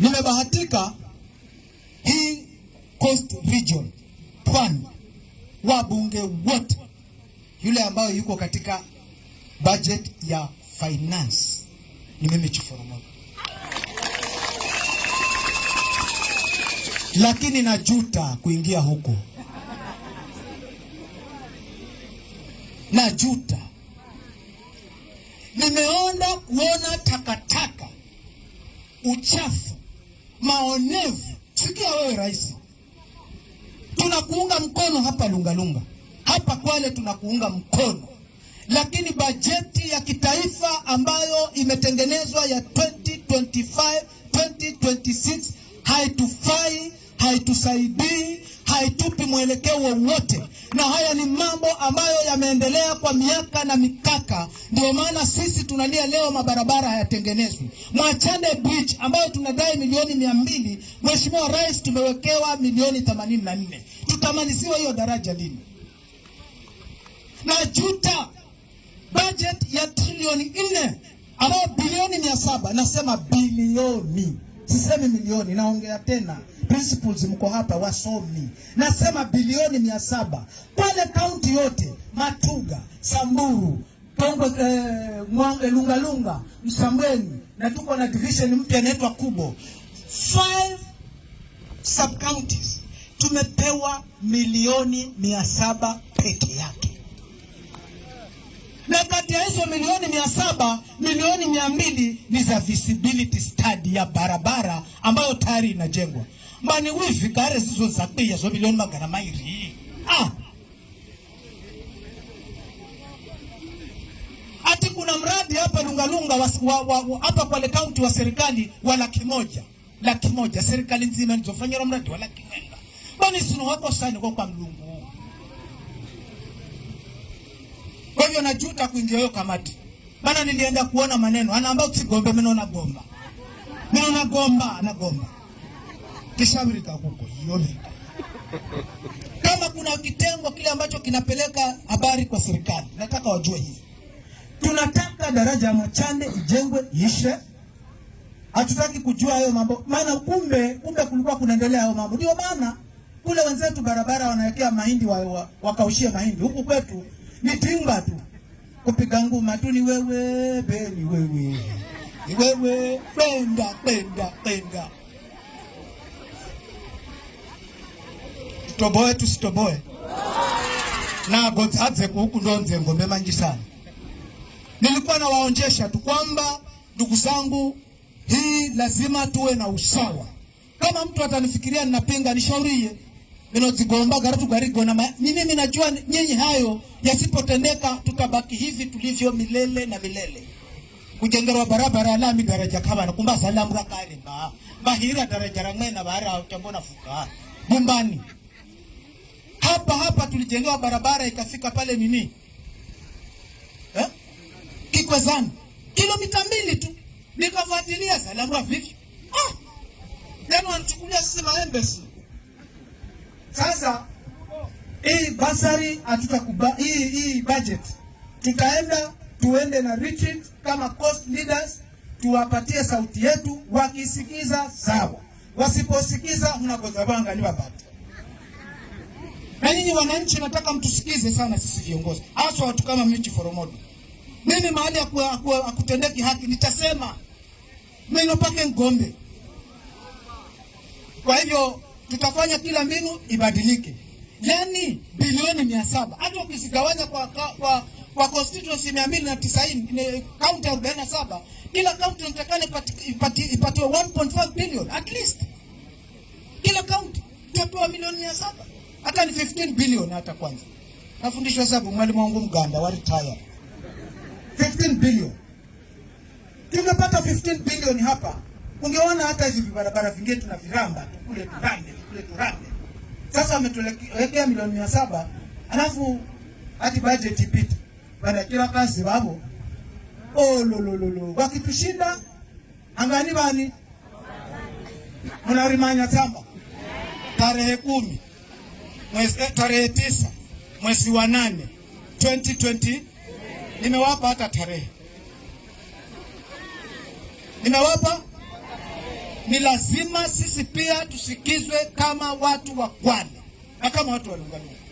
Nimebahatika hii Coast Region Pwani, wabunge wote, yule ambayo yuko katika budget ya finance ni mimi Chiforomoka, lakini najuta kuingia huko, najuta. Nimeona kuona takataka, uchafu maonevu. Sikia wewe rais, tunakuunga mkono hapa Lungalunga, hapa Kwale tunakuunga mkono, lakini bajeti ya kitaifa ambayo imetengenezwa ya 2025 2026 haitufai, haitusaidii haitupi mwelekeo wowote, na haya ni mambo ambayo yameendelea kwa miaka na mikaka. Ndio maana sisi tunalia leo, mabarabara hayatengenezwi. Mwachane bridge ambayo tunadai milioni mia mbili, Mheshimiwa Rais tumewekewa milioni 84. Tutamaliziwa hiyo daraja lini? Na juta bajeti ya trilioni nne ambayo bilioni mia saba, nasema bilioni sisemi milioni, naongea tena principles, mko hapa wasomi, nasema bilioni mia saba pale kaunti yote Matuga, Samburu, Tongwe, eh, Lungalunga, eh, Msambweni na tuko na division mpya inaitwa Kubo, five sub counties tumepewa milioni mia saba peke yake na kati ya hizo milioni mia saba milioni mia mbili ni za visibility study ya barabara ambayo tayari inajengwa mani kare zizo zakwiya zo milioni magana mairi ah. ati kuna mradi hapa Lungalunga hapa Kwale kaunti wa serikali wa laki moja laki moja serikali nzima nizofanyira mradi wa laki mwenda mani sinowakosani kwa kwa mlungu Kwa hivyo najuta kuingia hiyo kamati. Bana nilienda kuona maneno, anaambia usigombe, mimi naona gomba. Mimi naona gomba, na gomba. Kishauri ka huko ione. Kama kuna kitengo kile ambacho kinapeleka habari kwa serikali, nataka wajue hivi. Tunataka daraja ya Machande ijengwe ishe. Hatutaki kujua hayo mambo. Maana kumbe kumbe kulikuwa kunaendelea hayo mambo. Ndio maana kule wenzetu barabara wanawekea mahindi wa, wa, wakaushie mahindi. Huku kwetu ni timba tu, kupiga nguma tu, ni wewe Beni, wewe ni wewe penda penda penda, tutoboe tusitoboe nago dzadzeko huku ndo nzengombe manji sana. Nilikuwa nawaonjesha tu kwamba ndugu zangu, hii lazima tuwe na usawa. Kama mtu atanifikiria ninapinga, nishaurie mino zigombaga ratu na mimi minajua nyinyi hayo yasipotendeka tutabaki hivi tulivyo milele na milele kujengerwa barabara lami daraja na kumba salamu rakari ba bahira daraja ramwena bara na fuka bumbani hapa hapa tulijengewa barabara ikafika pale nini eh? Kikwezani kilomita mbili tu nikafuatilia salamu rafiki ah, yani wanachukulia sisi maembe sasa hii basari hatutakubali, hii hii budget tutaenda tuende na retreat kama coast leaders, tuwapatie sauti yetu. Wakisikiza sawa, wasiposikiza mnagozabanga niwapate na nyinyi wananchi, nataka mtusikize sana sisi viongozi, hasa watu kama Michi Foromodo. Mimi mahali ya kutendeki haki nitasema mimi, pake ngombe. Kwa hivyo tutafanya kila mbinu ibadilike. Yani bilioni mia saba hata ukizigawanya kwa, kwa, kwa kwa constituency mia mbili na tisaini kaunti arobaini na saba kila kaunti inatakana ipatiwe 1.5 billion at least, kila kaunti tutapewa milioni mia saba hata ni 15 billion. Hata kwanza nafundishwa hesabu mwalimu wangu Mganda wa retire 15 billion, tungepata 15 billion hapa, ungeona hata hizi vibarabara vingine tuna viramba kule tupande tuleturape. Sasa wametulekea milioni mia saba alafu hati budget bana kila kazi babo oh, lo, lo. wakitushinda angani bani munarimanya tamba tarehe kumi mwezi eh, tarehe tisa mwezi wa nane 2020 nimewapa hata tarehe nimewapa ni lazima sisi pia tusikizwe kama watu wa Kwale na kama watu wa Lungalunga.